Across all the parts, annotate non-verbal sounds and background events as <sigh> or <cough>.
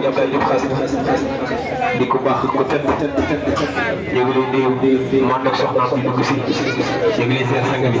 Serigne Abdoulaye Diop xaas di ko baax ko tëdd tëdd tëdd ñu ngi leen di nuyu moo nekk soxnaam bi dugg si ñu ngi leen seen sang bi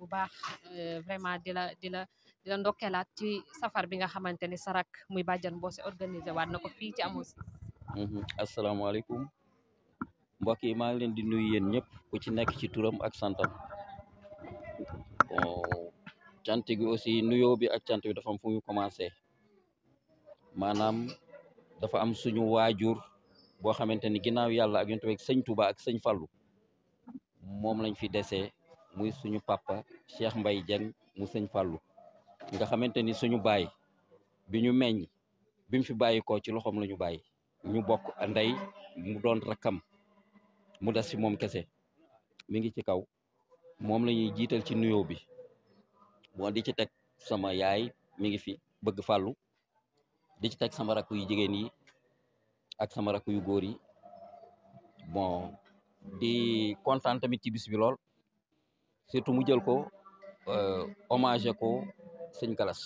bu baax euh, vraiment di la di la ci safar bi nga xamante ni sarak muy bàjjan mboose organisé waat na ko fii ci amoon si mhm, asalaamaaleykum mbokk yi maa ngi leen di nuyu yéen ñëpp ku ci nekk ci turam ak santam cant gi aussi nuyoo bi ak cant bi dafa am fu ñu commencé maanaam dafa am suñu waajur boo xamante ni ginnaaw yàlla ak yonent bi ak sëñ Tuuba ak sëñ Fallu moom lañu fi desee muy suñu papa Cheikh mbay Dieng mu sëñ Fallou nga xamante ni suñu baay bi ñu meññ bi fi bàyyi ko ci loxoom lañu ñu bàyyi ñu bokk ndey mu doon rakkam mu des fi moom kese mi ngi ci kaw moom lañuy jiital ci nuyoo bi bon di ci teg sama yaay mi ngi fi bëgg fàllu di ci teg sama rakk yu jigéen yi ak sama rakk yu góor yi bon di kontaan tamit ci bis bi lool surtout mu jël ko euh, hommage ko sëñ Galas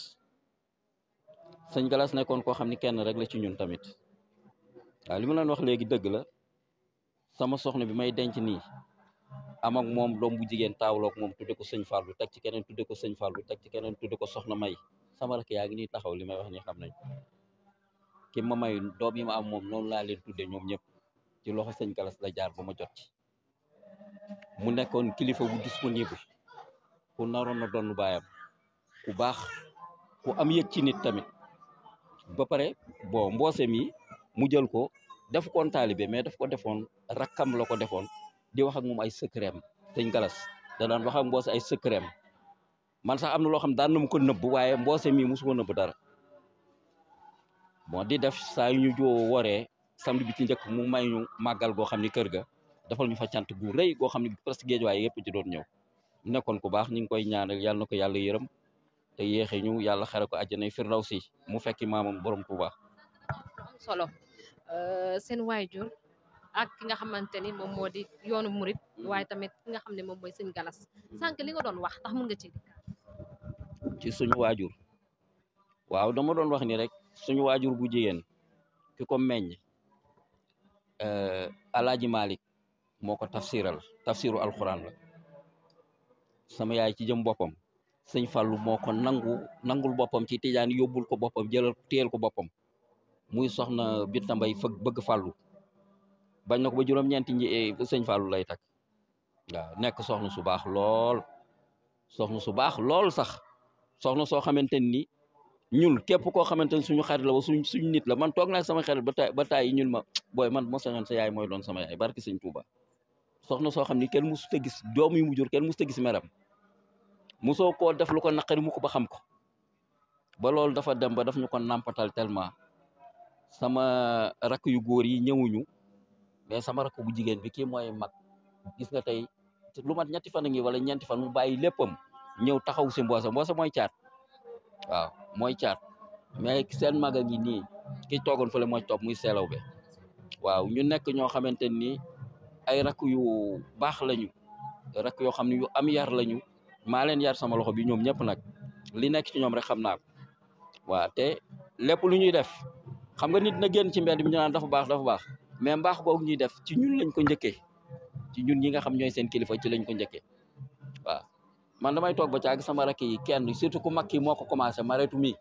sëñ Galas nekkoon koo xam ni kenn rek la ci ñun tamit waaw li ma leen wax léegi dëgg la sama soxna bi may denc nii am ak moom doom bu jigéen taawloog moom tudde ko sëñ Fallou teg ci keneen tudde ko sëñ Fallou teg ci keneen tudde ko soxna May sama rakk yaa ngi nii taxaw li may wax ni xam nañ ki ma may doom yi ma am moom noonu laa leen tudde ñoom ñëpp ci loxo sëñ Galas la jaar ba ma jot mu nekkoon kilifa bu disponible ku naroon na doon baayam ku baax ku am yëg ci nit tamit ba pare bon mboose mi mu jël ko def koon taalibe mais daf ko defoon rakkam la ko defoon di wax ak moom ay secret am sëñ Galas da daan wax ak mboose ay secret am man sax am na loo xam daan na mu ko nëbb waaye mboose mi musu ko nëbb dara bon di def saa yu samedi bi ci njëkk mu may ñu màggal goo xam ni kër ga dafal ñu fa cant gu rëy goo xam ni presque géejuwaay yëpp ci doon ñëw nekkoon ku baax ñu ngi koy ñaanal yàlla na ko yàlla yërëm te yéexe ñu yàlla xare ko àjjana si mu fekki maamam borom ku baax euh, seen solo seen ak ki nga xamante ni moom moo di yoonu murit waaye tamit ki nga xam ne moom mooy sëñ galas sànq li nga doon wax tax mun nga ci ci suñu waajur waaw dama doon wax ni rek suñu waajur bu jigéen ki ko meññ Eh, alaaji malik moo ko tafsiral tafsiru alquran la sama yaay ci jëm boppam sëñ fàllu moo ko nangu nangul boppam ci tijaan yóbbul ko boppam jëlal téyel ko boppam muy soxna Binta Mbay fëgg bëgg fàllu bañ na ko ba juróom-ñeenti ñi eh, sëñ lay tak waaw nekk soxna su baax lool soxna su lool sax soxna soo xamante ñun képp koo xamante ne suñu xarit la ba suñu nit la man toog naa sama xarit ba taay ba taay ñun ma booy man moo sañoon se yaay moy doon sama yaay barki sëñ Tuuba soxna soo xam ni kenn musu ta gis doom yu mu jur kenn musu ta gis meram musoo koo def lu ko naqari mu ko ba xam ko ba loolu dafa dem ba daf ñu ko nàmpatal tellement sama rak yu góor yi ñëwuñu mais sama rakk bu jigéen bi kii mooy mag gis nga tey lu mat ñetti fan a ngi wala ñeenti fan mu bàyyi léppam ñëw taxaw si mboosa mboosa mooy caat waaw mooy caat mais seen mag a ngi nii ki toogoon fële mooy topp muy seelaw be waaw ñu nekk ñoo xamante ni ay rakk yu baax lañu rakk yoo xam ne yu am yar lañu maa leen yar sama loxo bi ñoom ñëpp nag li nekk ci ñoom rek xam naa ko waaw te lépp lu ñuy def xam nga nit na génn ci mbedd mi ñu naan dafa baax dafa baax mais mbaax googu ñuy def ci ñun lañ ko njëkkee ci ñun ñi nga xam ñooy seen kilifa ci lañ ko njëkkee man damay toog ba caag sama rakk yi kenn surtout ku mag ki moo ko commencé maretu mi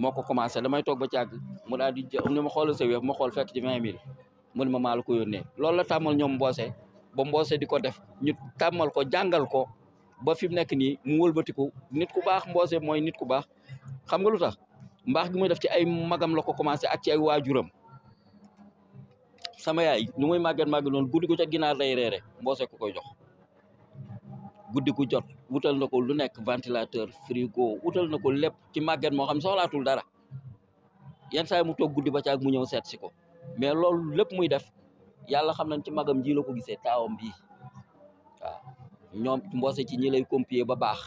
moo ko commencé damay toog ba caag mu daal di ni ma xool sa wéef ma xool fekk ci vingt mille mu ma maa la ko yónnee loolu la tàmmal ñoom mboose ba mboose di ko def ñu tàmmal ko jàngal ko ba fi mu nekk nii mu wëlbatiku nit ku baax mboose mooy nit ku baax xam nga lu tax mbaax gi muy def ci ay magam la ko commencé ak ci ay waajuram sama yaay nu muy màgget màgget noonu guddi gu ca ginaar lay reere mboose ko koy jox guddi jot wutal na ko lu nekk ventilateur frigo wutal na ko lépp ci màgget moo xam soxlaatul dara yenn saa yi mu toog guddi ba caag mu ñëw seet si ko mais loolu lépp muy def yàlla xam nañ ci magam ji la ko gisee taawam bii waaw ñoom mboose ci ñi lay compier ba baax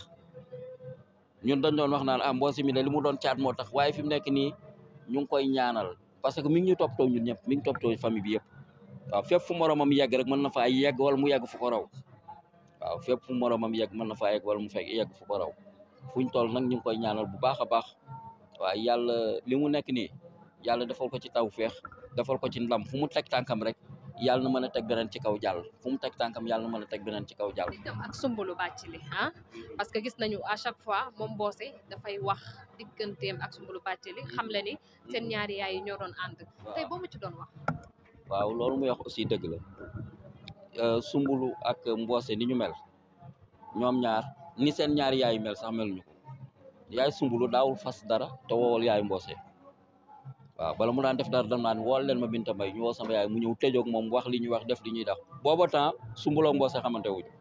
ñun dañ doon wax naan ah mboose mi de li mu doon caat moo tax waaye fi mu nekk nii ñu ngi koy ñaanal parce que mi ngi ñu toppatoo ñun ñëpp mi ngi toppatoo famille bi yëpp waaw fépp fu moromam yegg rek mën na faa yegg wala mu yegg fu ko waaw fépp fu moroomam yegg mën na fa yegg wala mu fekk yegg fu ko raw fuñ toll nag ñu ngi koy ñaanool bu baax a baax waaw yàlla li mu nekk nii yàlla defal ko ci taw feex defal ko ci ndam fu mu teg tànkam rek yàlla na mën a teg beneen ci kaw jàll fu mu teg tànkam yàlla na mën a teg beneen ci kaw jàll. itam ak Soumboulou Bathily ah parce que gis nañu à chaque fois moom Mbossé dafay wax digganteem ak Soumboulou Bathily xam la ni seen ñaari yaay yi ñoo doon ànd. mu ci doon wax. waaw loolu mu wax aussi dëgg la. Euh, Sumbulu ak Mboose ni ñu mel ñoom ñaar ni seen ñaar yaay mel sax mel ñu ko yaay Sumbulu daaw fas dara te woowal yaay mbose waaw bala mu daan def dara dam naan wool leen ma Binta may ñu woo sama yaay mu ñëw tëjoog moom wax li ñuy wax def li ñuy def booba temps Sumbulu ak xamante wuñu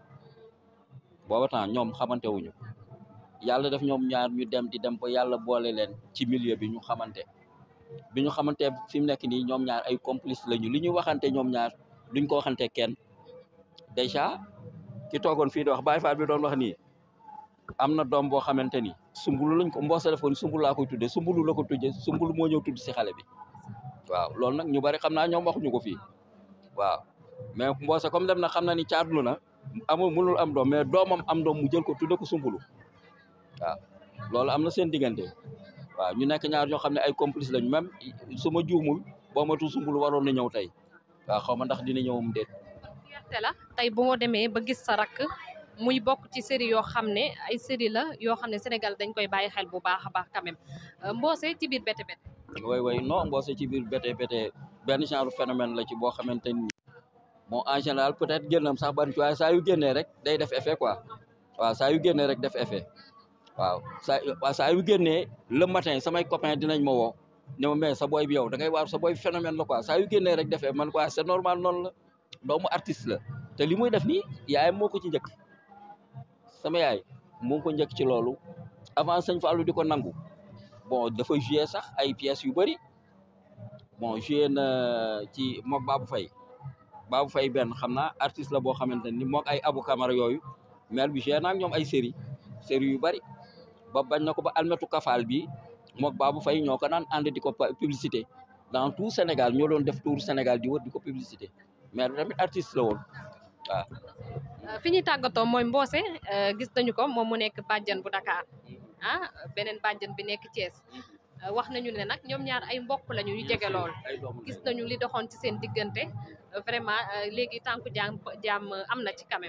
booba temps ñoom xamante yàlla def ñoom ñaar ñu dem di dem ba yàlla boole leen ci milieu bi ñu xamante bi ñu xamante fi nekk nii ñoom ñaar ay complice lañu li ñu waxante ñoom ñaar duñ ko waxante kenn dèjà ki toogoon fii di wax Baye Fall bi doon wax nii am na doom boo xamante ni sumbulu lañ ko mboosa defoon sumbulu laa koy tudde sumbulu la ko tuddee sumbulu moo ñëw tudd si xale bi waaw loolu nag ñu bari xam naa ñoom waxuñu ko fii waw mais mboosa comme dem na xam na ni caatlu na amul mënul am doom mais doomam am doom mu jël ko tuddee ko sumbulu waaw loolu am na seen diggante waaw ñu nekk ñaar ñoo xam ne ay complice lañu même su ma juumul boo matul sumbulu waroon na ñëw tey waaw xaw ma ndax dina ñëwum déet mbégte la tey bu ma demee ba gis sa rakk muy bokk ci série yoo xam ne ay série la yoo xam ne Sénégal dañ koy bàyyi xel bu baax a baax quand même euh, Mbossé ci biir Bété Bété way way non Mbossé ci biir Bété Bété benn genre phénomène la ci boo xamante ni bon en général peut-être génnam sax bari waaye saa yu génnee rek day def effet quoi waaw saa yu génnee rek effet waaw saa waaw saa yu génnee le matin samay copain dinañ ma woo ne ma mais sa booy bi yow da ngay waar sa booy phénomène la quoi saa yu génnee rek def effet man quoi c'est normal noonu doomu artiste la te li muy def nii yaayam moo ci njëkk sama moko moo njëkk ci loolu avant sëñ Fallou di ko nangu bon dafa joué sax ay pièces yu bëri bon joué na ci mook Babou Faye Babou fay benn xam naa artiste la boo xamante ni mook ay Abou Camara yooyu maire bu joué na ñoom ay séri série yu bari ba bañ na ko ba almetu kafaal bi mook Babou Faye ñoo ko naan ànd di ko publicité dans tout Sénégal ñoo doon def tour Sénégal di wër di ko publicité maire bi tamit artiste la woon euh, fi ñuy tàggatoo mooy Mbose euh, gis nañu ko moom mu nekk bàjjan bu Dakar mm-hmm. ah beneen bàjjan bi nekk Thiès euh, wax nañu ne nag ñoom ñaar ay mbokk lañu yu jege lool gis nañu li doxoon ci seen diggante vraiment léegi tànku jaam jaam am na ci quand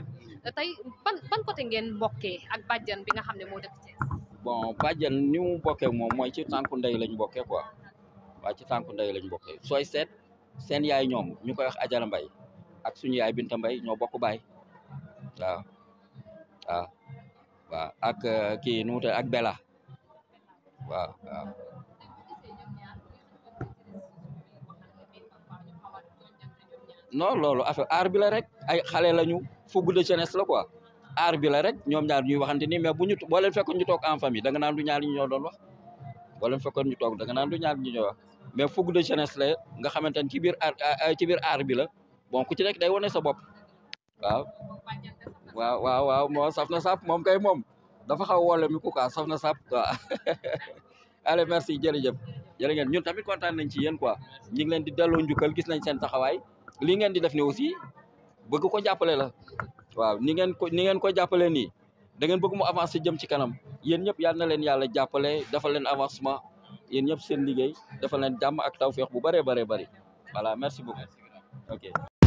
tey ban ban côté ngeen mbokkee ak bàjjan bi nga xam ne moo dëkk Thiès. bon bàjjan ni mu bokkee moom mooy ci tànku ndey lañ bokkee quoi waaw ci tànku ndey lañ bokkee sooy seet. seen yaay ñoom ñu koy wax Ajara Mbay ak suñu yaay Binta Mbay ñoo bokk baay waaw waaw ak euh, kii nu mu ak Bella waaw waaw non loolu affaire aar bi la rek ay xale lañu fougue de jeunesse la quoi aar bi la rek ñoom ñaar ñuy waxante ni mais bu ñu boo leen fekkoon ñu toog en famille da nga naan ñaar ñu ñoo doon wax boo leen toog da nga naan ñaar ñu mais fougue de jeunesse la nga xamante ne ci biir ci biir aar bi la bon ku ci nekk day wane sa bopp waaw. waaw waaw waaw moo saf na sap moom kay moom dafa xaw woole mi ku quoi saf na sap quoi <laughs> allez merci jërëjëf jërë ngeen ñun tamit kontaan nañ ci yéen quoi ñu ngi leen di delloo njukkal gis nañ seen taxawaay li ngeen di def ni aussi bëgg ko jàppale la waaw ni ngeen ko ni ngeen ko jàppale nii da ngeen mu avancer jëm ci kanam yéen ñëpp yal na leen yàlla jàppale dafa leen avancement yéen ñëpp seen liggéey defal leen jàmm ak tawféex bu bëree bëree bari voilà merci beaucoup ok